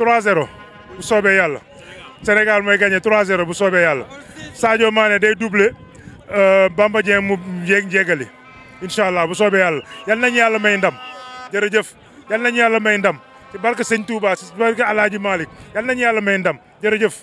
3-0 bu soobee yàlla Sénégal mooy gagné 3-0 bu soobee yàlla Sadio Mané day doublé euh, Bamba Dieng mu yéeg njéegali incha allah bu soobee yàlla yal nañu yàlla may ndam jërëjëf yal nañu yàlla may ndam ci barke Sëñ Touba ci barke El Hadj Malick nañu yàlla may ndam jërëjëf.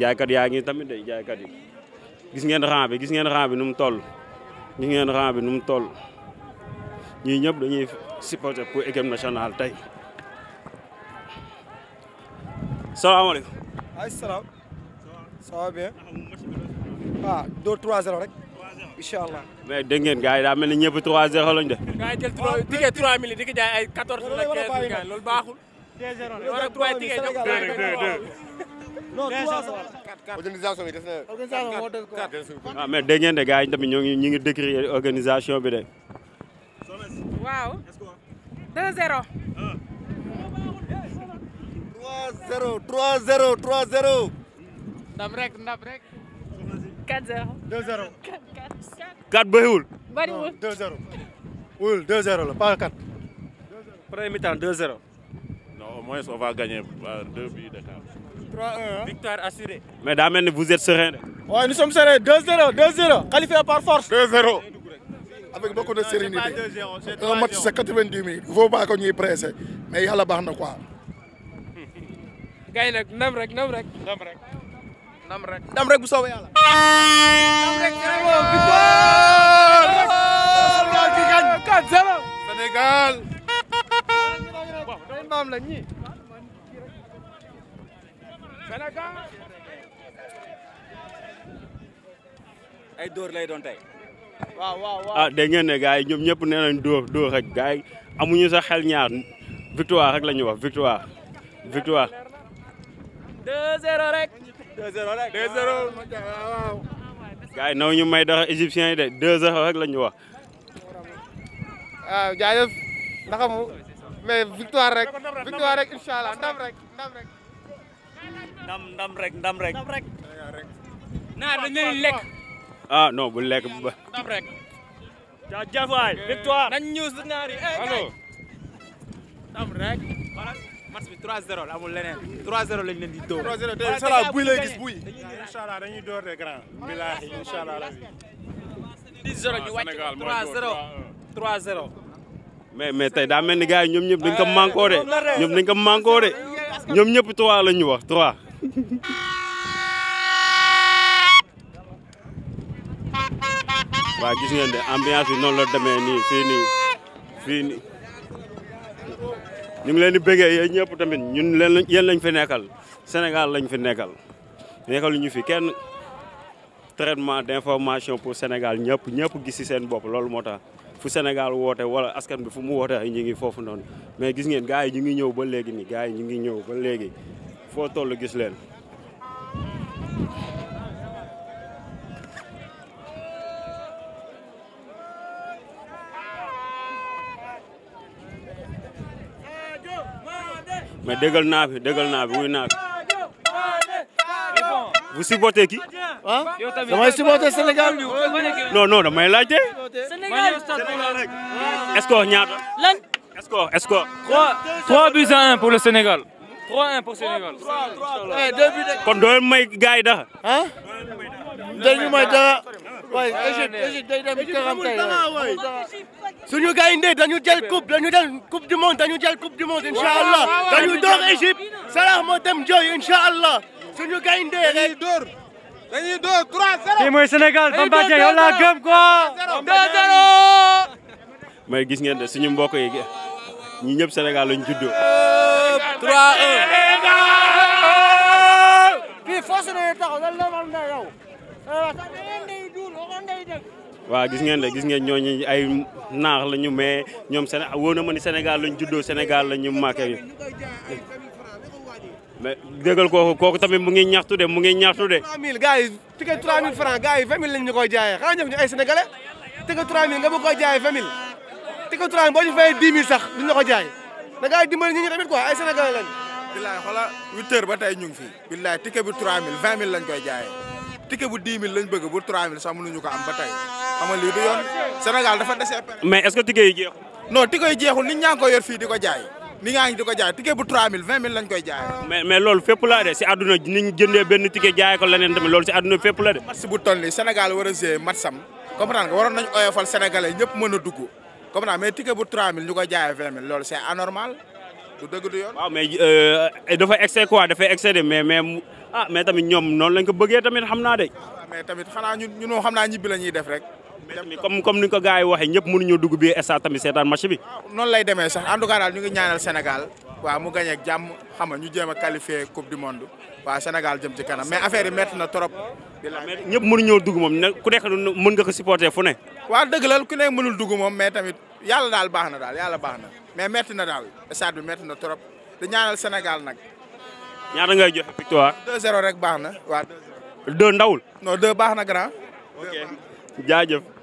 jaaykat yaa ngi tamit day jaaykat yi gis ngeen rang gis ngeen rang bi nu mu toll gis ngeen ñii ñëpp dañuy. supporter pour équipe nationale tey. salaamaaleykum. ay salaam. ça va bien. ah doo 3-0 rek. incha allah. mais dégg ngeen gars yi daa mel ni ñëpp 3-0 lañ def. gars yi jël 3 ticket 3 mille di ko jaay ay 14 la 15 gars loolu baaxul. 2-0 la war a tuwaay ticket jox 2-2 non 3 organisation bi des na. organisation moo des quoi. waaw ah, mais dégg ngeen de gars yi tamit ñoo ngi ñu ngi décrire organisation bi de. waaw. 2 0. 3 0 3 0 3 0. ndam rek ndam rek. 4 0. 2 0. 4 4 bëriwul. bëriwul 2 0. wul 2 0 la pas 4. premier mi-temps 2 0. non au moins on va gagner par euh, 2 buts d'écart. 3-1 victoire assurée. mais daa mel ni vous êtes serein de. waaye nous sommes sereins 2 0 2 0 qualifié par force. 2 0. avec beaucoup de sérénité un match c'est quatre-vingt-dix minutes il faut pas que ñuy pressé mais yàlla baax na quoi. gay nag ndam rek ndam rek. ndam rek ndam rek. ndam rek bu soobee yàlla. ndam rek gërëmoo victoire. Sénégal. maam la ñii. Sénégal. ay dóor lay doon tey. ah dégg ngeen ne gars yi ñoom ñëpp nee nañ dóor dóor rek gars amuñu sax xel ñaar victoire rek la ñuy wax victoire victoire. 2-0 rek. 2-0 rek 2-0. gars yi naw ñu may dara égyptiens de 2 rek la wax. waaw jaajëf ndax victoire rek victoire rek incha allah rek ndam rek. ndam rek naar dañu leen ah non bu lekk ba. ndam rek. jaajëf waay victoire. nañ ñëw si ñaari eh, allo. ndam la amul lañ leen di dóor. 3 buy lay gis buy. incha allah dañuy door de grand. bilaahi incha allah rabi. 10-0 ñu ah, mais tey daa mel ni gars yi ñoom ñëpp dañ ko eh, manqué de ñoom dañ ko manqué de ñoom ñëpp 3 waa gis ngeen de ambiance bi noonu la demee nii fii nii fii nii ñu ngi leen di bëggee yéen ñëpp tamit ñun leen yéen lañ fi nekkal Sénégal lañ fi nekkal nekkal ñu fi kenn traitement d'information pour Sénégal ñëpp ñëpp gis ci seen bopp loolu moo tax fu Sénégal woote wala askan bi fu mu woote ñu ngi foofu noonu mais gis ngeen gars yi ñu ngi ñëw ba léegi nii gars yi ñu ngi ñëw ba léegi foo toll gis leen mais déggal naa fi déggal wuy naa fi. vous supportez damay supporter Sénégal. non non damay laajte. Sénégal rek. score lan score score. 3 3 buts pour le Sénégal. 3-1 pour Sénégal. Eh, kon doon may gars yi dara. ah. dañu may dara. waay Égypte Égypte day dem suñu gaynde dañu jël coupe dañu jël coupe du monde dañu jël coupe du monde incha allah dañu door Égypte Salah moo dem jooy incha allah suñu gaynde rek. dañuy door 3-0. kii mooy Sénégal Bamba Dieng yow laa gëm quoi. 2-0. mais gis ngeen de suñu mbokk yi ñi ñëpp Sénégal lañ juddoo. 3-1. fii foo si ne taxaw lan la mën a yow. Eh, waaw gis ngeen de gis ngeen ñooñu ay naax la ñu mais ñoom Séné wóor na ma ni Sénégal lañ juddoo Sénégal la ñu màkkee mais déggal kooku kooku tamit mu ngi ñaxtu de mu ngi ñaxtu de. 3000 gars yi ticket 3000 francs gars yi 20000 lañ ñu koy jaayee xanaa ay sénégalais ticket 3000 nga bëgg koy jaayee 20000 ticket 3000 boo ñu fayee 10000 sax duñ la ko jaay da ngaa dimbali ñi ñu tamit ay senegal lañ. billaay xoolal 8h ba tey ñu ngi fi. billaay ticket bi 3000 20000 lañ koy jaayee ticket bu 10000 lañ bëgg bu 3000 sax mënuñu ko am ba tey. xam nga lii du yoon Sénégal dafa dese. mais est-ce que ticket yi jeexul. non ticket yi jeexul nit ñaa ngi koy yor di ko jaay nit ñaa ngi di ko jaay ticket bu 3000 20000 lañ koy jaay. mais mais loolu fépp laa de si àdduna ni ñu jëndee benn ticket jaay ko leneen tamit loolu si àdduna fépp la de. match bu toll nii war a jouer match sam comprendre nga waroon nañu oyofal sénégalais ñëpp mën a dugg comprendre mais ticket bu 3000 ñu koy jaayee 20000 c'est anormal du du yoon. waaw mais euh, dafa excès quoi dafay excédé ah, ñoom noonu lañ ko bëggee tamit xam naa de. Ah, mais tamit xanaa ñun ñun xam naa ñibbi la ñuy def rek. mais comme comme ni ko gars yi waxee ñëpp mënuñu dugg bi stade tamit seetaan match bi. Ah, noonu lay demee sax en tout daal ñu ngi ñaanal Sénégal waaw mu gagné ak jàmm ñu jéem a qualifié coupe du monde waaw Sénégal jëm ci kanam mais affaire yi métti na trop. Ah, ñëpp mënuñoo dugg moom ne ku nekk mën nga ko supporter fu ne. waaw dëgg la ku nekk mënul dugg moom mais tamit yàlla daal baax na daal yàlla baax na mais métti na daal stade bi métti na trop di ñaanal Sénégal nag. ñaata ngay joxe victoire. 2-0 rek baax na waaw. 2 ndawul. non 2 jaajëf